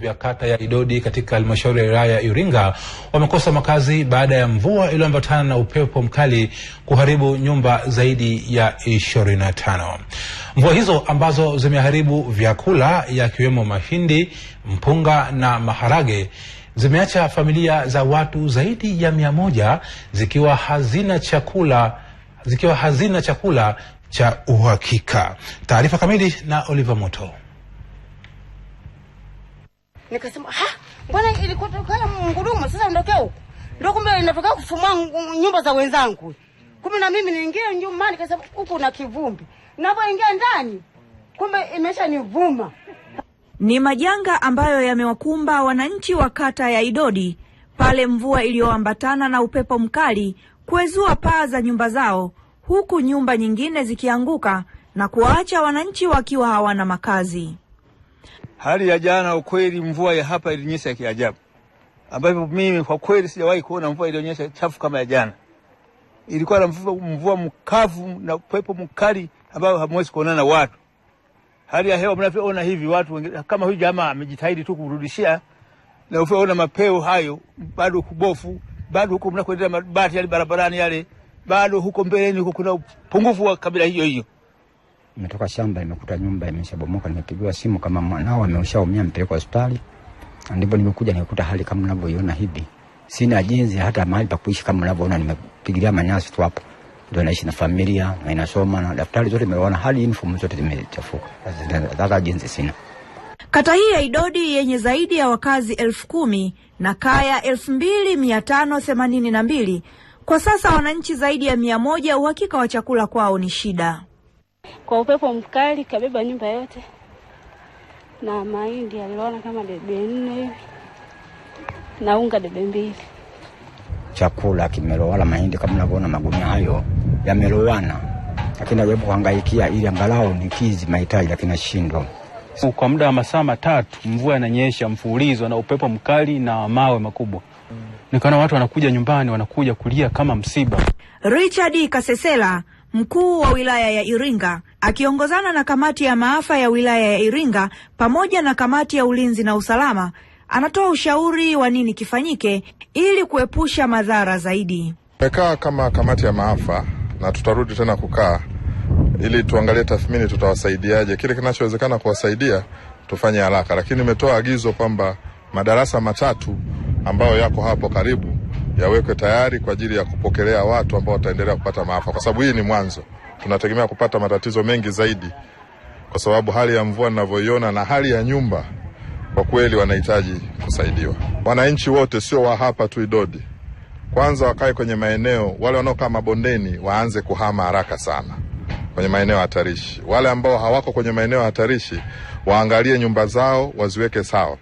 vya kata ya Idodi katika halmashauri ya wilaya ya Iringa wamekosa makazi baada ya mvua iliyoambatana na upepo mkali kuharibu nyumba zaidi ya ishirini na tano. Mvua hizo ambazo zimeharibu vyakula yakiwemo mahindi, mpunga na maharage zimeacha familia za watu zaidi ya mia moja zikiwa hazina chakula, zikiwa hazina chakula cha uhakika. Taarifa kamili na Oliver Moto. Nikasema ha, mbona ilikuwa kala sasa ondokea huko. ndo kumbe inatoka kufumua nyumba za wenzangu. Kumbe na mimi niingie nyumbani nikasema huku na kivumbi. Ninapoingia ndani kumbe imesha nivuma. Ni majanga ambayo yamewakumba wananchi wa kata ya Idodi pale mvua iliyoambatana na upepo mkali kuezua paa za nyumba zao huku nyumba nyingine zikianguka na kuwaacha wananchi wakiwa hawana makazi. Hali ya jana ukweli, mvua ya hapa ilinyesha ya kiajabu, ambapo mimi kwa kweli sijawahi kuona mvua ilionyesha chafu kama ya jana. Ilikuwa na mvua, mvua mkavu na pepo mkali ambao hamwezi kuonana na watu. Hali ya hewa mnavyoona hivi, watu kama huyu jamaa amejitahidi tu kurudishia, na ufyoona mapeo hayo bado kubofu, bado huko mnakoendea mabati yale barabarani yale, bado huko mbeleni huko kuna upungufu wa kabila hiyo hiyo. Nimetoka shamba, nimekuta nyumba imeshabomoka, nimepigiwa simu kama mwanao ameshaumia, mpeleka hospitali. Ndipo nimekuja nikukuta hali kama mnavyoiona hivi. Sina jinsi hata mahali pa kuishi kama mnavyoona, nimepigilia manyasi tu hapo. Ndio naishi na familia na inasoma na daftari zote nimeona, hali uniform zote zimechafuka. hata jinsi sina. Kata hii ya Idodi yenye zaidi ya wakazi elfu kumi na kaya elfu mbili mia tano themanini na mbili kwa sasa wananchi zaidi ya mia moja, uhakika wa chakula kwao ni shida. Kwa upepo mkali kabeba nyumba yote na mahindi aliona kama debe nne na unga debe mbili. Chakula kimelowana, mahindi kama unavyoona magunia hayo yamelowana, lakini najaribu kuhangaikia ili angalau nikizi mahitaji, lakini nashindwa. Kwa muda wa masaa matatu mvua inanyesha mfulizo na upepo mkali na mawe makubwa, nikaona watu wanakuja nyumbani wanakuja kulia kama msiba. Richard Kasesela Mkuu wa wilaya ya Iringa akiongozana na kamati ya maafa ya wilaya ya Iringa pamoja na kamati ya ulinzi na usalama anatoa ushauri wa nini kifanyike ili kuepusha madhara zaidi. Tumekaa kama kamati ya maafa na tutarudi tena kukaa ili tuangalie tathmini, tutawasaidiaje, kile kinachowezekana kuwasaidia tufanye haraka, lakini nimetoa agizo kwamba madarasa matatu ambayo yako hapo karibu yawekwe tayari kwa ajili ya kupokelea watu ambao wataendelea kupata maafa, kwa sababu hii ni mwanzo. Tunategemea kupata matatizo mengi zaidi, kwa sababu hali ya mvua ninavyoiona na hali ya nyumba, kwa kweli wanahitaji kusaidiwa. Wananchi wote sio wa hapa tu Idodi, kwanza wakae kwenye maeneo, wale wanaokaa mabondeni waanze kuhama haraka sana kwenye maeneo hatarishi. Wale ambao hawako kwenye maeneo hatarishi waangalie nyumba zao waziweke sawa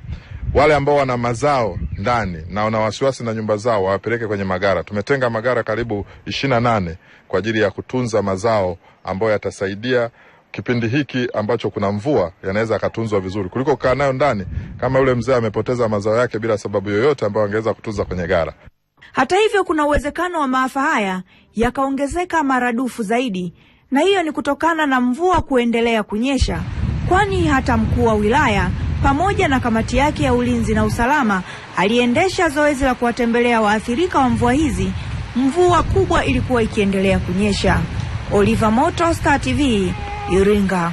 wale ambao wana mazao ndani na wana wasiwasi na nyumba zao wawapeleke kwenye magara. Tumetenga magara karibu ishirini na nane kwa ajili ya kutunza mazao ambayo yatasaidia kipindi hiki ambacho kuna mvua yanaweza akatunzwa vizuri kuliko kukaa nayo ndani, kama yule mzee amepoteza mazao yake bila sababu yoyote ambayo angeweza kutunza kwenye gara. Hata hivyo, kuna uwezekano wa maafa haya yakaongezeka maradufu zaidi, na hiyo ni kutokana na mvua kuendelea kunyesha, kwani hata mkuu wa wilaya pamoja na kamati yake ya ulinzi na usalama aliendesha zoezi la kuwatembelea waathirika wa mvua hizi, mvua kubwa ilikuwa ikiendelea kunyesha. Oliver Moto, Star TV, Iringa.